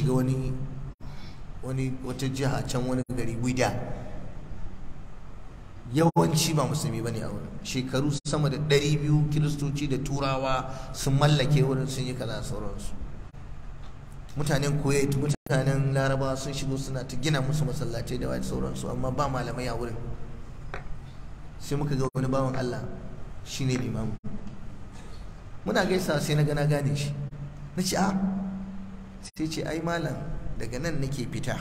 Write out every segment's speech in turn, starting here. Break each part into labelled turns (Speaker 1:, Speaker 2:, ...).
Speaker 1: shiga wani wani wata jiha can wani gari guda yawanci ba musulmi bane a wurin shekaru sama da ɗari biyu kiristoci da turawa sun mallake wurin sun yi kaza sauransu mutanen kuwait mutanen laraba sun shigo suna ta gina musu masallatai da wani sauransu amma ba malamai a wurin sai muka ga wani bawan allah shine limamu muna gaisa sai na gana gane shi na ce a ah, sai ce ai malam daga nan nake fita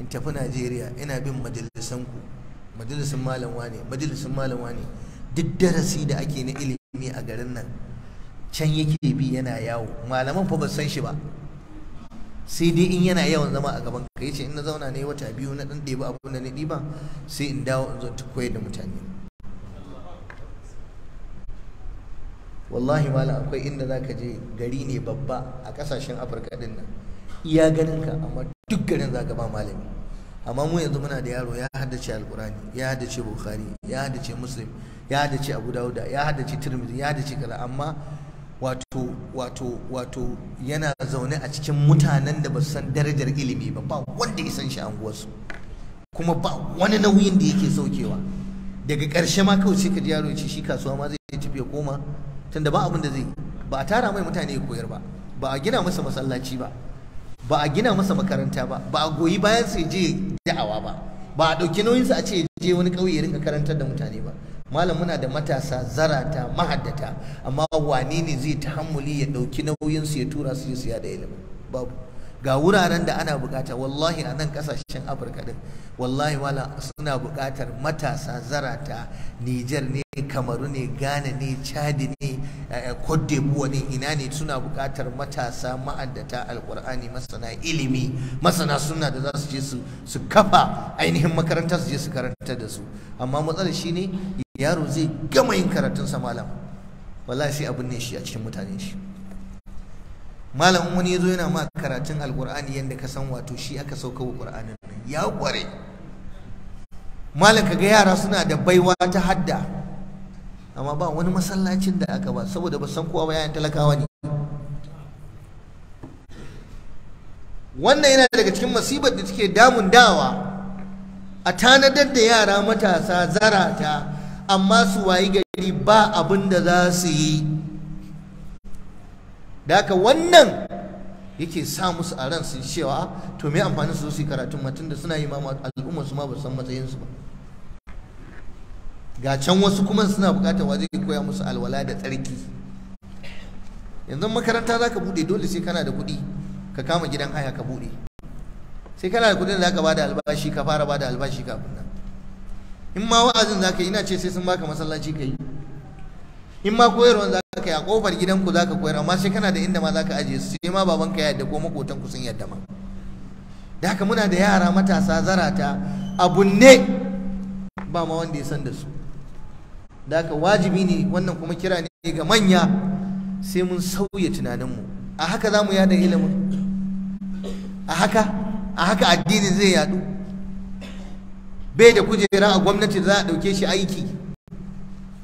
Speaker 1: in tafi najeriya ina bin majalisanku Majalisun malam wane Majalisun malam wane duk darasi da ake na ilimi a garin nan can yake bi yana yawo malaman fa ba san shi ba sai dai in yana yawan zama a gaban ka yace in na zauna ne wata biyu na dan ɗebi abun da na ɗiba sai in dawo in zo koyar da mutane wallahi malam akwai inda za ka je gari ne babba a kasashen afirka din nan iya ganin ka amma duk garin za ka ba malami amma mu yanzu muna da yaro ya haddace alkurani ya haddace bukhari ya haddace muslim ya haddace abu dauda ya haddace tirmidhi ya haddace kaza amma wato wato wato yana zaune a cikin mutanen da ba su san darajar ilimi ba ba wanda ya san shi anguwarsu kuma ba wani nauyin da yake saukewa daga ƙarshe ma kawai sai ka ji yaro ya ce shi kasuwa ma zai tafi ya koma tunda ba abin da zai ba a tara mai mutane koyar ba ba a gina masa masallaci ba ba a gina masa makaranta ba ba a goyi bayan su je da'awa ba ba a ɗauki su a ce je wani ƙauye ya karantar da mutane ba malam muna da matasa zarata mahaddata amma wani ne zai tahammuli ya ɗauki su ya tura su su da ilimi babu ga wuraren da ana bukata wallahi a nan kasashen afirka din wallahi wala suna bukatar matasa zarata nijar ne kamaru ne ghana ne chadi ne Eh, eh, kodebuwa ne ina ne suna buƙatar matasa ma'addata alƙur'ani masana ilimi masana suna da za su je su kafa ainihin makaranta su je su karanta da su amma matsalar shi ne yaro zai gama yin karatun sa malam wallahi sai abin ne shi a cikin mutane shi malam wani ya zo yana ma karatun alƙur'ani yadda ka san wato shi aka sauka wa ƙur'anin ya ƙware malam kaga yara suna da baiwa ta hadda amma ba wani masallacin da aka ba saboda ba san kowa ba yayin talakawa ne wannan yana daga cikin masibar da take damun dawa a tanadar da yara matasa zarata amma su wayi gari ba abin da za su yi da haka wannan yake sa musu a ran su cewa to me amfani su zo su yi karatun matun da suna yi ma al'ummar su ma ba san matsayin su ba ga can wasu kuma suna bukatar wa zai koya musu alwala da tsarki yanzu makaranta za ka bude, dole sai kana da kuɗi ka kama gidan haya ka bude. sai kana da kuɗin da za ka bada albashi ka fara bada albashi kafin nan in ma wa'azin za ka yi ina ce sai sun baka masallaci ka yi in ma koyarwan za ka yi a kofar gidanku za ka koyar amma sai kana da inda ma za ka ajiye su sai ma babanka ya yadda ko makotanku sun yadda ma da haka muna da yara matasa zarata abun ne ba ma wanda ya san da su da haka wajibi ne wannan kuma kira ne ga manya sai mun sauya tunaninmu a haka za mu yada ilimin a haka a haka addini zai yadu bai da kujera a gwamnati za a ɗauke shi aiki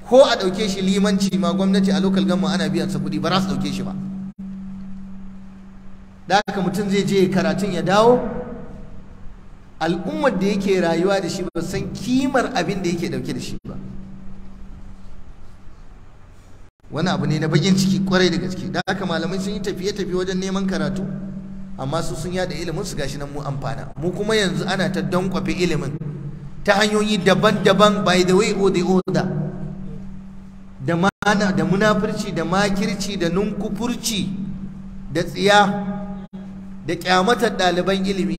Speaker 1: ko a ɗauke shi limanci ma gwamnati a lokal gama ana biyan sa kuɗi ba za su ɗauke shi ba da haka mutum zai je karatun ya dawo al'ummar da yake rayuwa da shi ba san kimar abin da yake ɗauke da shi wani abu ne na bakin ciki kwarai da gaske da haka malamai sun yi tafiye tafiye wajen neman karatu amma su sun yada ilimin su gashi nan mu amfana mu kuma yanzu ana ta dankwafe ilimin ta hanyoyi daban-daban by the way or the order da mana da munafurci da makirci da nunkufurci da tsiya da kyamatar ɗaliban ilimi